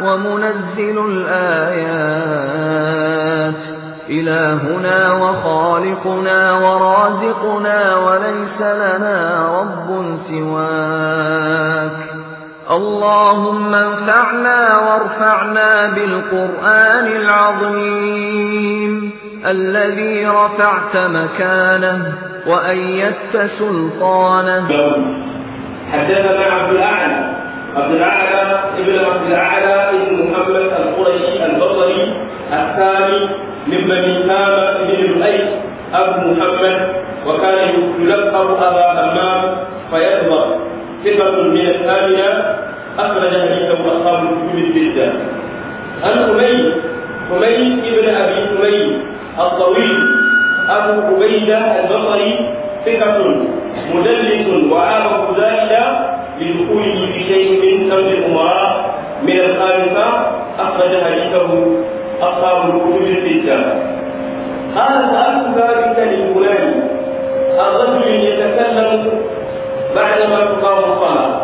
ومنزل الآيات إلهنا وخالقنا ورازقنا وليس لنا رب سواك اللهم انفعنا وارفعنا بالقرآن العظيم الذي رفعت مكانه وأيدت سلطانه حدثنا عبد عبد الاعلى ابن عبد الاعلى ابن محمد القرشي البصري الثاني من بني سامة بن لؤي ابو محمد وكان يلقب ابا همام فيظهر ثقة من الثامنة أخرج حديثه أصحاب الكتب الستة. عن أمي أمي ابن أبي أمي الطويل أبو عبيدة البصري ثقة مدلس وعابه ذلك بدخول كل شيء من امر الامراء من الخارطة اخرج حديثه اصحاب الكتب السته هذا ذلك للفلاني الرجل يتكلم بعدما تقام الصلاه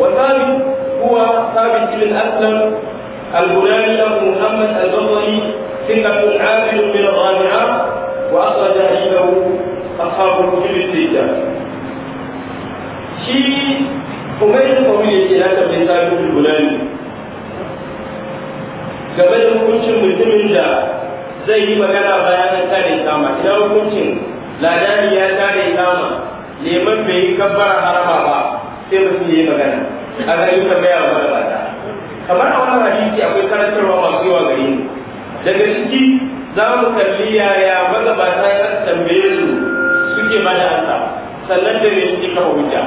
وثالث هو ثابت بن اسلم البناني ابو محمد البصري ثقة عامل من الرابعة وأخرج حديثه أصحاب الكتب الستة. شيء ubangiji ba wani yake na tambayi sabin gulani Gaba da hukuncin mutumin da zai yi magana bayan an kare kama ina hukuncin ladani ya kare kama neman bai yi kabbara harama ba sai mutum ya yi magana a gari tambaya wa mara bata kamar a wannan hadisi akwai karantarwa masu yawa gari ne daga ciki za mu kalli yaya magabata ya tambaye su suke ba da sannan da ne suke kafa hujja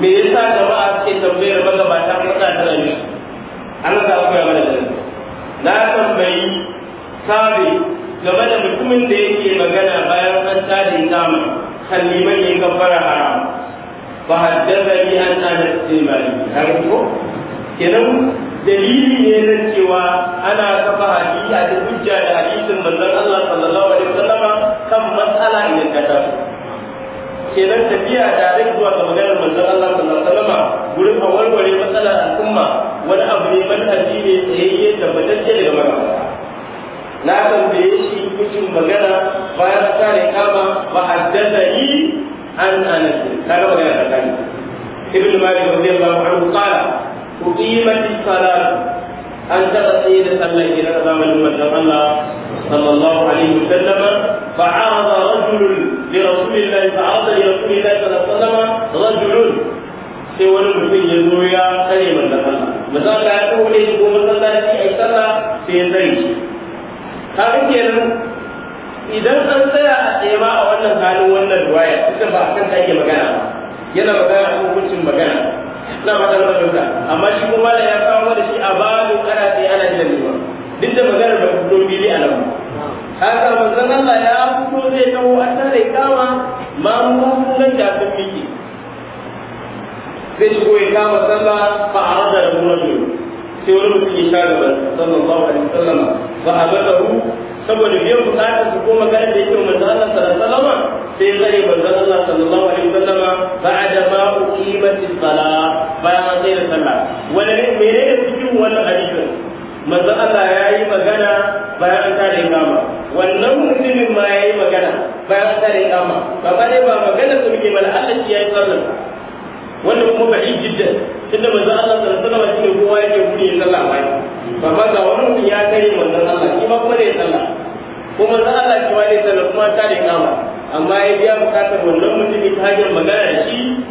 me yasa jama'a suke tambayar magabata ba ta rayuwa an ga ku mana da na tambayi sabe game da mutumin da yake magana bayan an tada kama kalliman ya gabbara haram da ni an anas bin malik har ko kenan dalili ne na cewa ana kafa hadisi da hujja da hadisin manzon Allah sallallahu alaihi wasallam kan matsala idan ka tafi kenan tafiya da zai zuwa ga maganar manzon Allah sallallahu alaihi wasallam gurin a warware matsalar al'umma wani abu ne manhaji ne tsayayye tabbatacce daga magana. na tambaye shi mutum magana bayan ta ne kama ba haddasa yi an anas kaga magana ta kani ibn malik radiyallahu anhu qala uqimat as-salat an taba tsaye da sallah ila zamanin manzon Allah sallallahu alaihi wasallam fa'arada rajulun لرسول الله تعرض لرسول الله صلى الله عليه وسلم رجل sai wani mutum ya zo ya tsare manzon Allah manzon Allah ya kawo ne ko masallaci ai sallah sai ya tsare shi ka idan an tsaya a tsaye ma a wannan halin wannan riwaya duka ba kan magana ba yana magana hukuncin magana na ba amma shi kuma ya kawo da shi babu kana ana maganar da kudo a nan haka manzon Allah ya fito zai taho an tare kama mamun nan da sun miki zai shigo ya kama sallah fa arada da rajul sai wani mutum ya sha gaban sallallahu alaihi wasallam fa abadahu saboda biyan bukatar su koma magana da yake manzon Allah sallallahu alaihi wasallam sai zai manzon Allah sallallahu alaihi wasallam ba'da ma uqimatis salah bayan an tsaya sallah wani ne menene cikin wannan hadisin manzo Allah ya yi magana bayan an tare imama wannan mutumin ma ya yi magana bayan an tare imama ba ba dai ba magana su muke mana Allah ya yi sallan wannan kuma ba yi jiddan tunda manzo Allah sallallahu alaihi wasallam shine kowa yake gudu yin sallah bai ba ba ga wani mutum ya kare manzo Allah shi ba kuma da sallah kuma manzo Allah shi ma ne sallah kuma tare imama amma ya biya bukatar wannan mutumin ta hanyar magana shi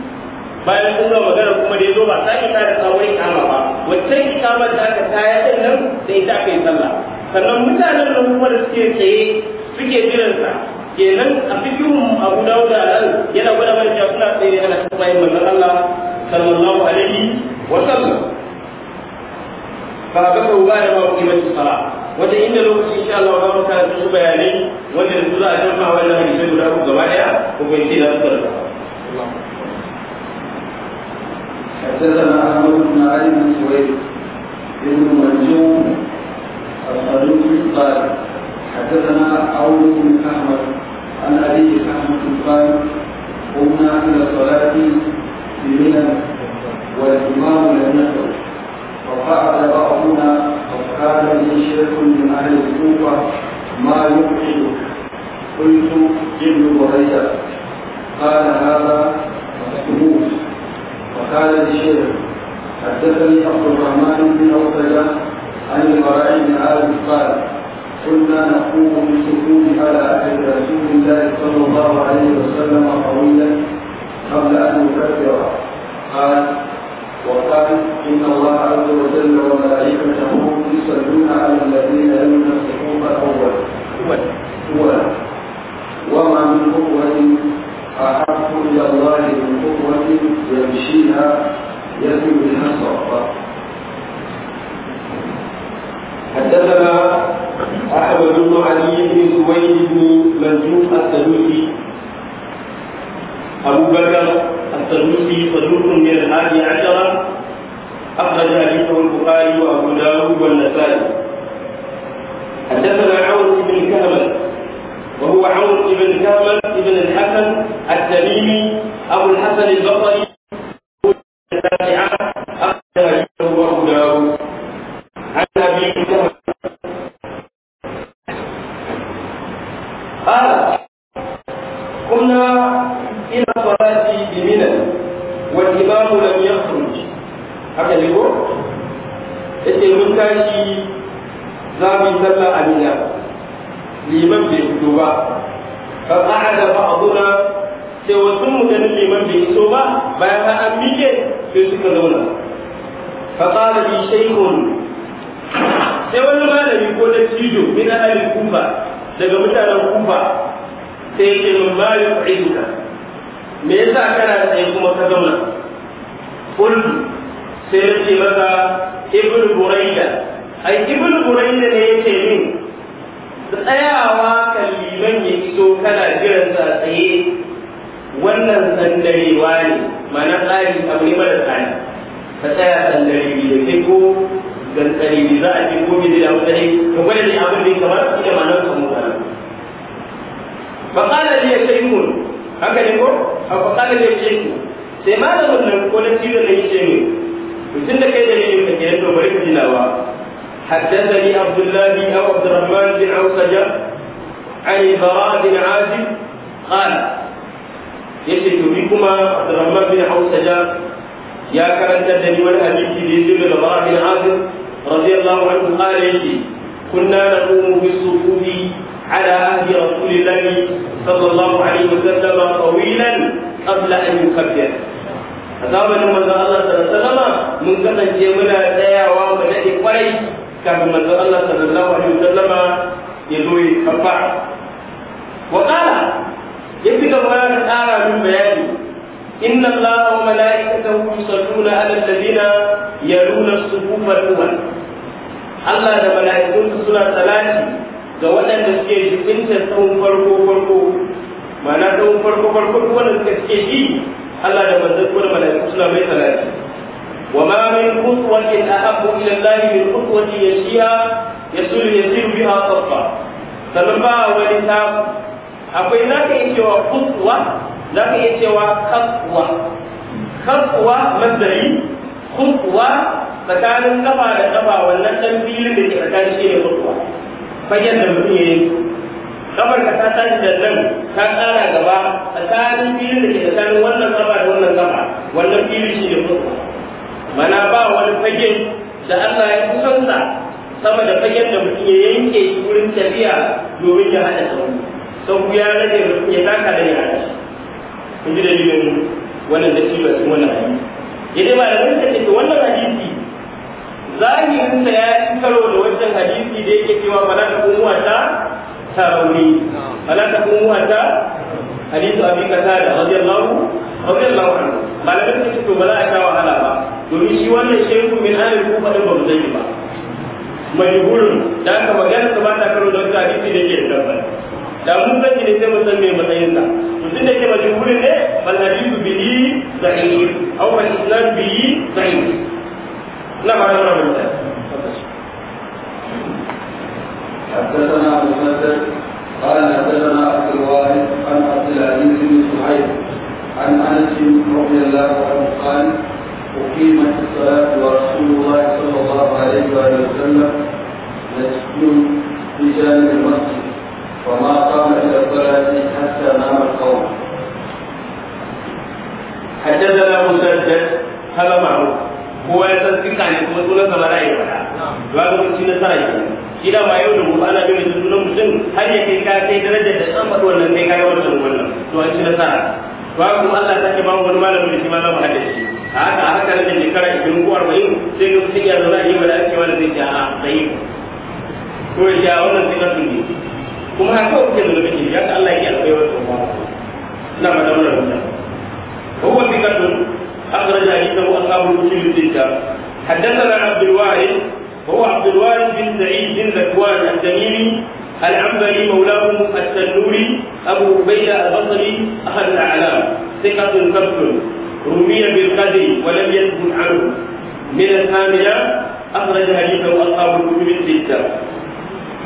bayan kun ga magana kuma da zo ba sake ta da tsawon kama ba wacce kama da ta ya ɗin nan sai ta kai sallah sannan mutanen nan kuma da suke tsaye suke jiransa sa kenan a cikin Abu dauda nan yana gwada mana cewa suna tsaye ana tsaye manzon Allah sallallahu alaihi wa sallam ba ga ko ba da ba ku mai sala wanda inda lokaci insha Allah za mu karanta su bayanai wanda da za a jama'a wannan hadisi guda uku gaba daya ko bai ce da su حدثنا احمد بن علي بن سويد بن منجوم الصدوقي قال حدثنا عون بن احمد عن ابي احمد قال قمنا الى الصلاه في منى والامام لم يخرج فقعد بعضنا وقال لي شيخ من اهل الكوفه ما يوقظ قلت ابن بريده قال هذا مسموح وقال للشيخ حدثني عبد الرحمن بن عبيده عن البراء بن عازب قال كنا نقوم بالسكون على عهد رسول الله صلى الله عليه وسلم طويلا قبل ان نكفر قال وقال ان الله عز وجل وملائكته يصلون على الذين لم يمسكوه الاول وما من قوه أحب إلى الله من قوة يمشيها يبدو بها الصعب حدثنا أحمد بن علي بن سويد بن منزوم التلوسي أبو بكر التلوسي صدوق من الحادي عشرة أخرج حديثه البخاري وأبو داود والنسائي dattijo min ahalin kufa daga mutanen kufa sai yake ba ya yu'iduka me yasa kana tsaye kuma ka zauna kul sai yake maka ibnu burayda ai ibnu burayda ne yake min tsayawa kan ya iso kana jiran sa tsaye wannan sandarewa ne ma'ana tsari abu ne mara tsari ka tsaya sandare da ke ko dan tsari ne za a ce ko me zai abu tsari ka gwada ne abin da ya kamata shi da ma'anar su mutane fa qala li shaykhun haka ne ko fa qala li shaykhun sai malamin nan ko na tiyo ne yake ne mutum da kai da ne ka ke to bari ka ji lawa حدثني عبد الله او عبد الرحمن بن عوسجه عن البراء بن عازب قال يجد بكما عبد الرحمن بن عوسجه يا كرنت الدنيا والحديث في ذي البراء بن عازب radiyallahu anhu qala yake kunna naqumu bi sufufi ala ahdi rasulillahi sallallahu alaihi wasallam tawilan qabla an yukabbir a zamanin manzon Allah sallallahu alaihi mun kasance muna tsayawa mu kwarai kafin manzon Allah sallallahu alaihi wasallam ya zo ya kafa wa qala yafi gaba da tsara min bayani inna allaha wa malaikatahu yusalluna ala alladhina yaluna Allah da mala'ikunsa suna salati ga waɗanda suke jibinta tsawon farko farko mana tsawon farko farko duk wanda suka suke shi Allah da manzon kuma mala’ikun mala'iku suna mai salati wa ma min qutwatin ahabbu ila Allah min qutwati ya yasul yasir biha safa sannan ba wani ta akwai ka iya cewa qutwa ka iya cewa qatwa qatwa mazari qutwa tsakanin kafa da kafa wannan dan filin da ke tsakanin shi ne mutuwa fagen da mutum ya yi kafar ka ta tashi da nan ta tsara gaba tsakanin filin da ke tsakanin wannan kafa da wannan kafa wannan filin shi ne mutuwa mana ba wani fagen da Allah ya kusanta sama da fagen da mutum ya yanke wurin tafiya domin ya haɗa wani, sau ya rage mutum ya taka da ya haɗa in ji da wannan da su wannan hadisi Yadda ba da wani wannan hadisi zahirin sa ya yi karo da wancan hadisi da yake cewa bala ta kuma wata tarawih bala ta kuma wata hadisi abi qatada radiyallahu radiyallahu anhu bala da to ba za a sha wahala ba domin shi wannan shehu min ahli kufa din ba mu sani ba mai gurin da aka magana su ba ta karo da wancan hadisi da yake tabbata da mun sani ne sai mun san me matsayin sa mutum da ke majhurin ne bal hadithu bihi sahih aw al isnad bihi sahih لا ما يقرأ حدثنا مسدد قال حدثنا عبد الواحد عن عبد العزيز بن سعيد عن انس رضي الله عنه قال اقيمت الصلاه ورسول الله صلى الله عليه واله وسلم مسجد في جانب المسجد فما قام الى الصلاه حتى نام القوم حدثنا مسدد هذا معروف kowa ya san sika ne kuma sunan sa ba za a yi fada ba ga mutum na sa'a yi shi da ma yau da gobe ana bin mutum sunan mutum har ya kai ka kai darajar da san faɗi wannan kai ka yi wannan wannan to an ci nasara ba kuma Allah ta ce ba wani malamin da shi ma za mu haɗa shi a haka a haka da shekara ishirin ko arba'in sai ga mutum ya zama a yi ba da ake wani zai ce a tsayi ko ya ce a wannan sai ka tunde kuma har kawai kuke zuwa kake ya ka Allah ya alƙaiwar tsofa ina ma da wannan mutum ko wani ka tunde أخرج عنده أصحاب الكتب الستة حدثنا عبد الوارث وهو عبد الوارث بن سعيد بن ذكوان التميمي العنبري مولاه التنوري أبو عبيدة البصري أحد الأعلام ثقة كبت رمي بالقدر ولم يثبت عنه من الثامنة أخرج حديثه أصحاب الكتب الستة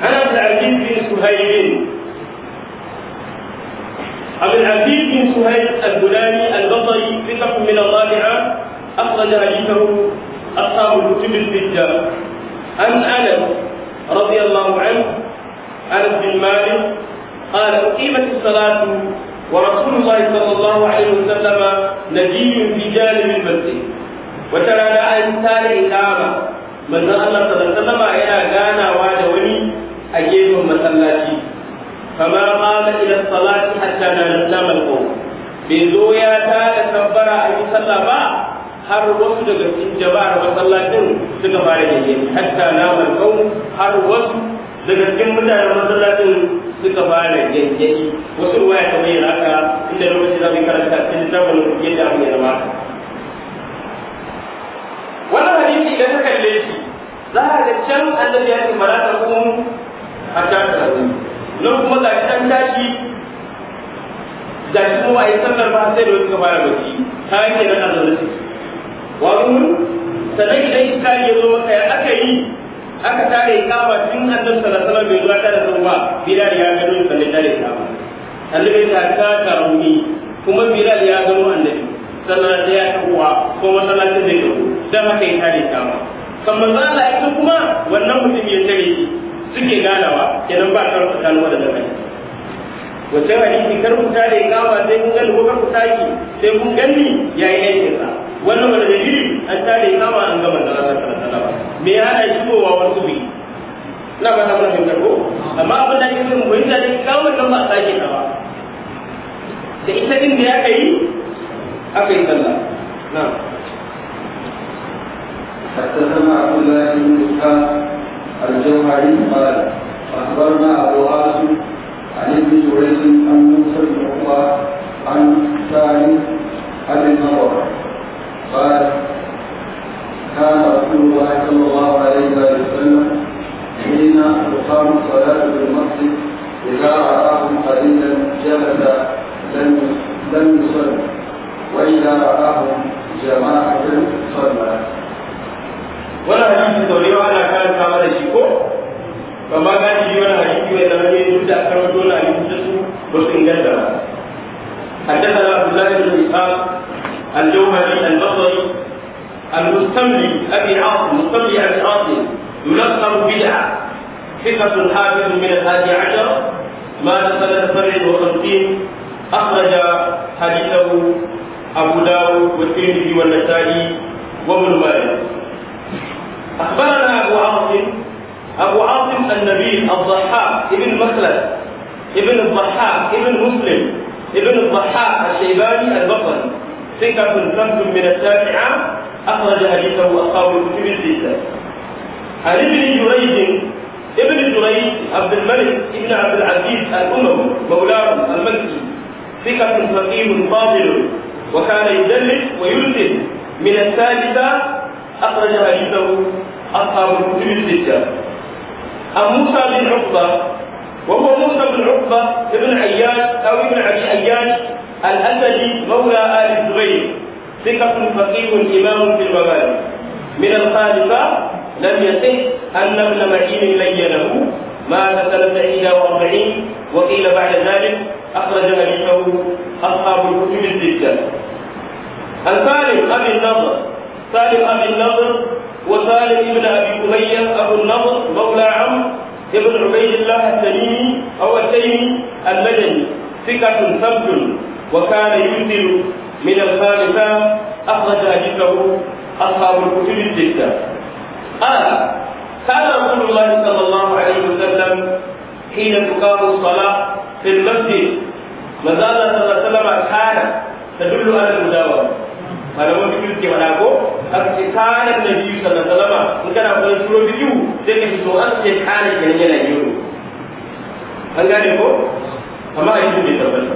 عن عبد العزيز بن سهيل عبد العزيز بن سهيل البناني البصري ثقة من الرابعة أخرج حديثه أصحاب الكتب الستة عن أنس رضي الله عنه أنس بن مالك قال أقيمت الصلاة ورسول الله صلى الله عليه وسلم نجي في جانب المسجد وترى أن سال إقامة من الله صلى الله عليه وسلم إلى غانا وني أجيب المسلاتي kama mala ila salati hatta na lama alqaw bai zo ya ta da tabbara a yi sallah ba har wasu daga cikin jama'ar masallacin suka fara yayi hatta lama alqaw har wasu daga cikin masallacin suka fara yayi wasu ruwaya ta bayyana haka inda lokaci za mu karanta cikin tabbara yadda abin ya zama wannan hadisi idan ka kalle shi za a ga can annabi ya ce mala takum hatta ta nan kuma ga an tashi ga shi kuma a yi sallar ba sai da wasu ka fara bacci ta yi kenan a zaune wani sannan idan iska ya zo maka ya aka yi aka tare kama tun annabi sallallahu alaihi wasallam bai zuwa tare da ba bilal ya gano sannan tare kama bai ta ta karuni kuma bilal ya gano annabi sannan da ya tabuwa ko masallacin da ya tabu dan haka ya tare kama kan manzo Allah ita kuma wannan mutum ya tare shi suke ganawa kenan ba ka rubuta kalma da dabai wace hadisi kar ku tare gawa sai mun gani ko kar ku taki sai mun gani yayi aikin sa wannan wani dalili an tare gawa an gama da Allah sallallahu alaihi me ya da shi kowa wasu bi na ba ta mun fahimta ko amma abin da yake mun yi ne gawa nan ba sake ta ba da ita din da ya kai aka yi sallah na حدثنا عبد الله بن الجوهري قال أخبرنا أبو عاصم عن ابن جريج عن موسى بن عقبة عن سالم أبي النضر قال كان رسول الله صلى الله عليه وسلم حين تقام الصلاة في المسجد إذا رآهم قليلا جلس لم لم يصل وإذا رآهم جماعة صلى. ولا ba حدثنا عبد الله بن اسحاق الجوهري البصري المستملي ابي عاصم مستملي ابي عاصم يلقب بدعه ثقة حافظ من الهادي عشر مات سنة سبع أخرج حديثه أبو داود والترمذي والنسائي وابن ماجه النبيل الضحاك ابن مخلد ابن الضحاك ابن مسلم ابن الضحاك الشيباني البصري ثقة سمت من الشافعة أخرج حديثه أصحاب الكتب الستة. عن ابن جريج ابن جريج عبد الملك ابن عبد العزيز الأمم مولاه المكي ثقة فقيه فاضل وكان يدلس ويلزم من الثالثة أخرج حديثه أصحاب الكتب الستة. عن موسى بن عقبة وهو موسى بن عقبة ابن عياش أو ابن أبي عياش الأسدي مولى آل الزبير ثقة فقيه إمام في الممالك من الخالفة لم يصح أن ابن معين لينه مات سنة 41 وقيل بعد ذلك أخرج حديثه أصحاب الكتب الستة. الثالث أبي النضر سالم أبي النضر وسالم ابن أبي أمية أبو النضر مولى ابن عبيد الله التميمي أو التيمي المدني ثقة ثبت وكان ينزل من الخامسة أخرج اجله أصحاب الكتب الستة قال كان رسول الله صلى الله عليه وسلم حين تقام الصلاة في المسجد ما زال صلى الله عليه وسلم حالة تدل على المداومة malaman biyu ke mana ko aka ce kana biyu sallallahu alaihi wasallam in kana koyon suro biyu sai ka fito an ce kana kenan yana yoro an gane ko amma a yi bai tabbata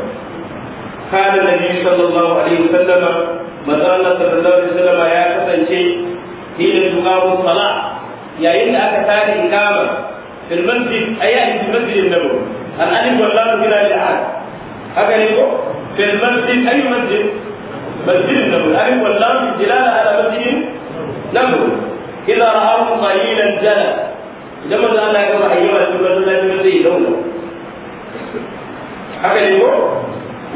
kana nabi sallallahu alaihi wasallam manzo Allah sallallahu alaihi wasallam ya kasance hina tuqamu salat yayin da aka tare ikama fil masjid ayati fil masjid an-nabawi al-alif wal lam min al-ahad haka ne ko fil masjid ayu masjid مسجد النبوي ألف واللام دلالة على مسجد نبوي إذا رآهم قليلا جلى لما قال لك أيها الرسول لا تمسي لونه هكذا يقول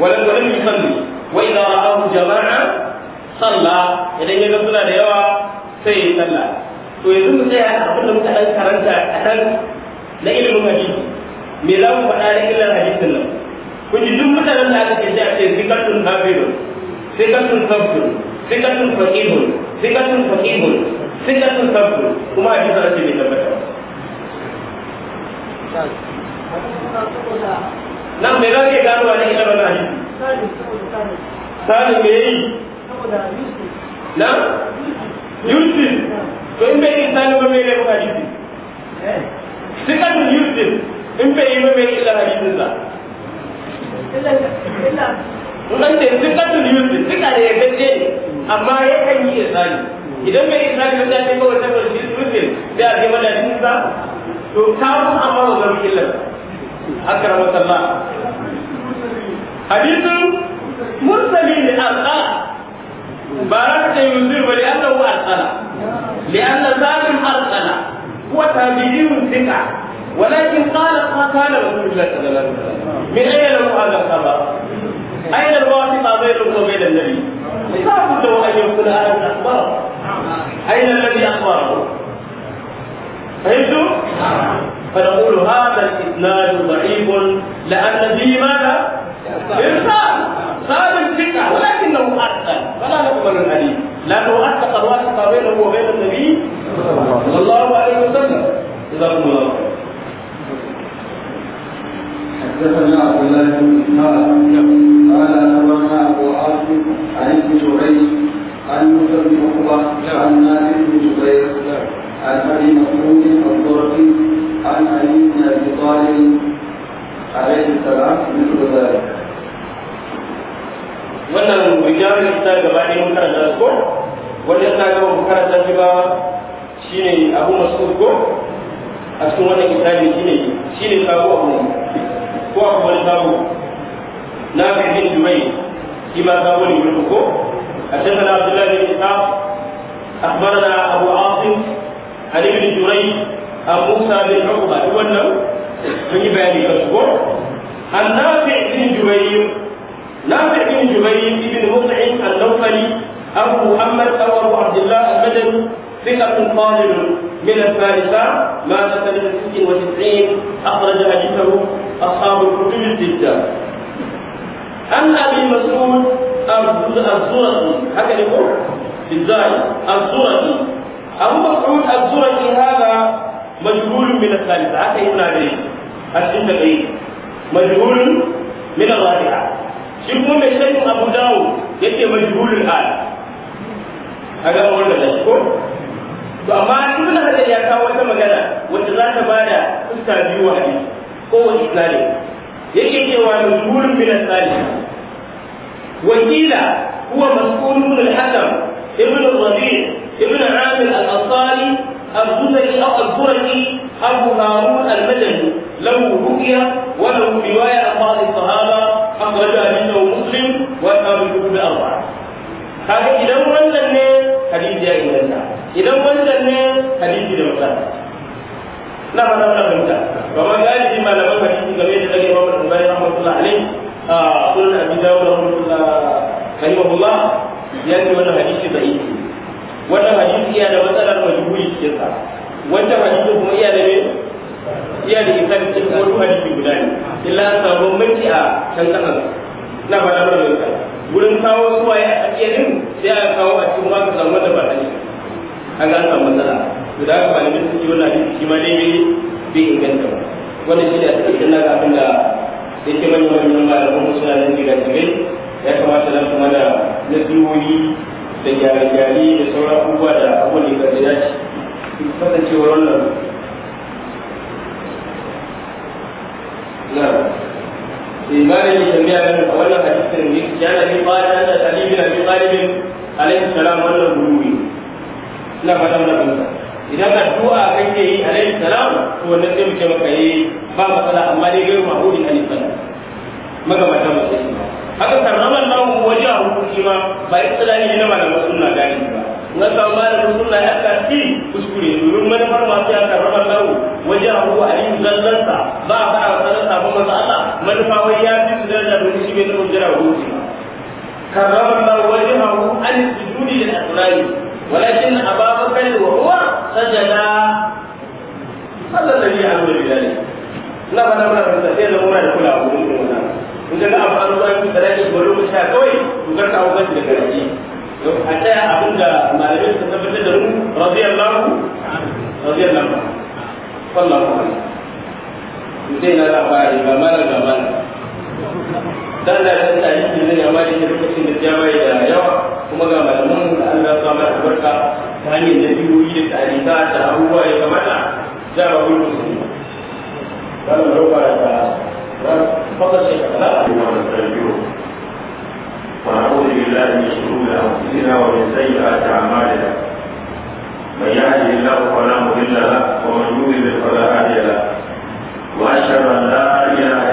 ولم ولم يصلي وإذا رآه جماعة صلى إذا يجب صلى ليوا سيد صلى ويزن سيا أقول لك أن كرنت أحسن لا إلى المجيد ملام فلا إلا الحديث لهم kun ji duk mutanen da aka ce a ce zikatun hafizun sikatun sabtun sikatun faqihun sikatun faqihun sikatun sabtun kuma a cikin rashin tabbata nan me za ka gano wani ilimin hadisi sanin me yi na صديق لأن فيه ماذا؟ إرسال صادق فتنه ولكنه أثقل فلا نقبل الحديث لأنه أثقل الواسطه بينه وبين النبي صلى الله عليه وسلم جزاكم الله خير حدثنا عبد الله بن اسحاق قال اخبرنا ابو عاصم عن ابن جريج عن موسى بن عقبه عن نافع بن جبير عن ابي مسعود الضرقي عن علي بن ابي طالب عليه السلام مثل ذلك wannan rijiyar ta gaba ne mun karanta ko wannan ta gaba mun karanta shi ba shine Abu masu ko a cikin wannan kitabi shine shine kawo Abu ko Abu wani kawo na bin jumai shi ma kawo ne mun ko a cikin Abdullah bin Ishaq akhbarana Abu Asim Ali bin Durai Abu Musa bin Uqba wannan mun yi bayani kan su ko annafi ibn jubayr nafi ibn jubayr ibn mut'im al-nawfali abu muhammad aw abu abdullah al-badri ثقة قادر من الثالثة مات سنة 96 أخرج حديثه أصحاب الكتب الستة أن أبي مسعود الزرقي هكذا يقول بالزاي الزرقي أبو مسعود الزرقي هذا مجهول من الثالثة حتى ابن عليه cikin da kai majhulun min al-rabi'a shi kuma mai sanin Abu Dawud yake majhulul al A kaga wannan da ko to amma Ibn Hajar ya kawo wata magana wacce za ta bada fuska biyu wa hadisi ko wa islami yake cewa majhulun min al-salih wakila huwa mas'ulun al-hakam ibn al-Rabi' ibn Amir al-Ansari الزبري أو البركي أبو هارون المدني له رؤيا وله رواية عن بعض الصحابة أخرجها منه مسلم وأصحاب الكتب أربعة kaga idan wannan ne hadisi ya inganta idan wannan ne hadisi da mutum na fata muna fahimta kuma galibi malaman hadisi game da daga imam al-bukhari rahmatullah alaihi a sunan abi dawud rahmatullah rahimahullah ya ce wannan hadisi da yake wannan hadisi yana da matsalar majhuli cikin sa wannan hadisi kuma iya da me iya da ita da cikin wani hadisi guda ne illa sabon mace a can kasan na ba da mai kai wurin kawo ya ake tsakiyarin sai a kawo a cikin wani zama da ba ta ne an ga samu matsala da ga malamin su ji wannan shi ma dai bai inganta ba wanda shi da da na ga abin da yake manyan manyan malamin suna nan daga tabe ya kamata na kuma da nasihohi da gyare-gyare da sauran abubuwa da abubuwan da ya dace kasancewar wannan لمن جميع من أولا حديث idan addu'a kake yi alaihi salam to wannan sai muke maka yi ba matsala amma dai gairu alaihi salam magabata haka karraman namu wajen hukunci ma ba istilani ne na malaman sunna gani ba na samu malamin sunna ya karfi kuskure domin masu ya karɓar lawo wajen abu a yin zallansa ba a faɗa wa tsarin sabon masu Allah manufa wai ya fi su daraja domin shi bai na hujjara hujji karɓar lawo wajen abu an sujudi da asirari walakin ababar kai wa ruwa sajada Allah da ya amuru da na faɗa mana fanta sai da muna da kula a wurin da muna in ga abu an zuwa fi tsaraki bari mu kawai to karka abu da garaji a tsaya abin da malamai suka tabbatar da mu radiyallahu radiyallahu sallallahu alaihi mutai na labari ba mara ga mara dan da ta ta yi ne amma da ke lokacin da jama'i da yawa kuma ga malaman da Allah ya samu albarka ta hanyar da biyoyi da tarika da abubuwa ya kamata jama'a gurbin su ne roƙa da fakar shekara na abubuwa da tsarki ونعوذ بالله من شرور انفسنا ومن سيئات اعمالنا من يهده الله فلا مضل له ومن يضلل فلا هادي له واشهد ان لا اله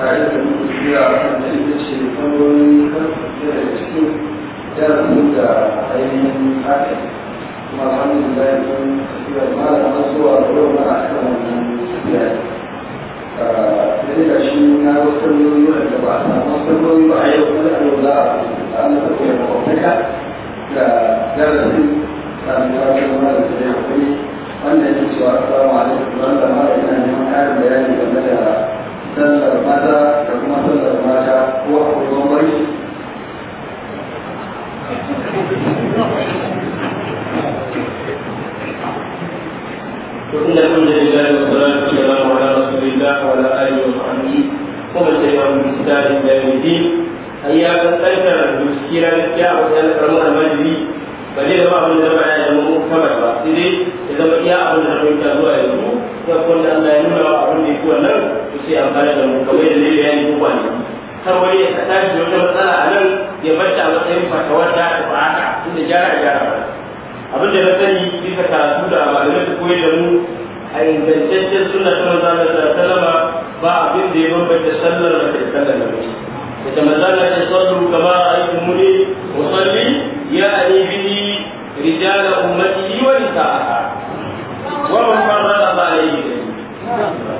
tare da kuriya da ita ce ɓangarorin karfafa da cikin yanayin da ainihin haka kuma alhamdulillah don tafiyar malama zuwa yau na akan wannan tafiya da shi na wasu lauyi da ba a samu wasu ba a yau kada a yau za a an tafiya makwabtaka da darasin samuwa da malam da ya kuri wannan ya ce wa assalamu alaikum wanda malam yana neman ƙarin bayani game da sallar maza da kuma sallar mata ko a kusurwan bari Tukun da kun da ila yi wasu ranar ce ba wa ranar su bin da wa la'ayi wa fa'ani ko ba sai wani misali da ya yi ayya kan tsarkar duskira ya a wasu yalakar mana majiri ba zai zama abin da ba ya zama mun kamar ba sai dai ya zama iya abin da kun ta zuwa sai amfana da mukamai da zai bayani ko wani kar wani ya ka tashi wata matsala a nan ya bata matsayin fatawar da ta haka inda jara jara ba abin da na sani bisa karatu da malamai su koyi da mu a ingantaccen suna ta manzana da sallama ba abin da ya bambanta sallar da ta sallar da da ta manzana ta sallu kama a yi kumuni musalli ya yi yi bini a wani bihi رجال أمته ونساءها ومن a yi عليه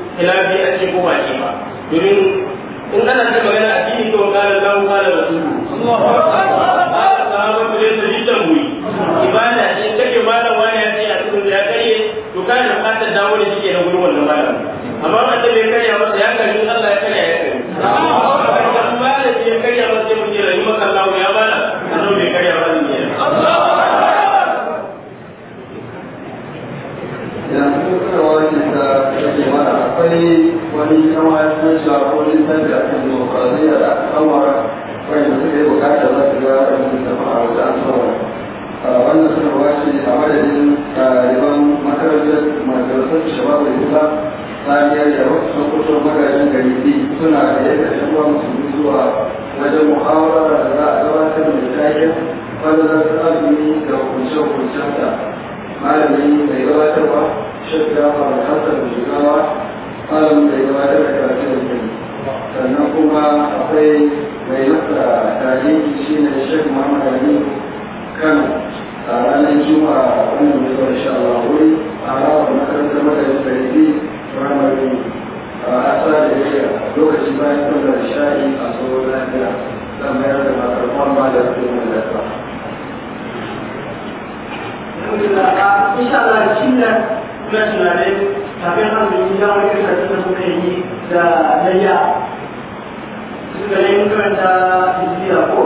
khilafi a ce kuma ba ce ba domin in ana ta magana a cikin to kana lahu kana rasulu Allahu akbar ba sahabban da su yi tambayi ibada ce kake malam wani ya ce a cikin ya kare to kana bukatar dawo da kike na gurin wannan malam amma annabi ya kare masa ya kare Allah ya akwai wani kama ya san cewa ko littafi a kan demokradiyya da aka samara wanda suka yi bukata za su da ga ɗan jama'a wajen an samara wannan sanarwa ce a madadin ɗaliban makarantar majalisar shababu islam saniyar yaro sun kusa magajin gari bi suna da yadda shabuwa musulmi zuwa wajen muhawara da za a gabatar mai taken wanda za su azumi da hukunce-hukuncenta malami mai gabatarwa shirya fara hasar da shugawa malamin da ya da karatu da kai sannan kuma akwai mai masa tarihi shi ne shek muhammad ali kano a ranar juma'a wannan mai zuwa insha Allah wuri a rawar makarantar madadin sarki firamare a asa da yake lokaci bayan sallar sha'i a tsohon lafiya zan mayar da matar kwamma da su yi da ta. Alhamdulillah, insha Allah shi ne kuna tunanin kafin azumi za mu yi da muka yi da layya suka yi makaranta bibiya ko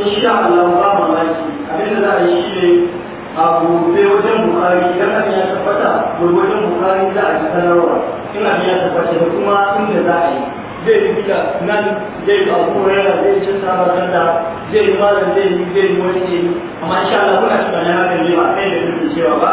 in sha Allah ba mamaki abin da za a yi shi ne a gobe wajen bukari idan abin ya tabbata gobe wajen bukari za a ji sanarwa ina abin ya tabbata da kuma inda za a yi zai yi bida nan zai yi abu yana zai ci sabar sanda zai yi malam zai yi zai yi wani amma in sha Allah kuna cikin hanyar da ne ba kai da nufin cewa ba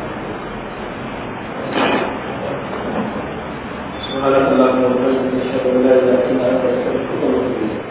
ولا اللهم وبحمدك اشهد ان لا اله الا انت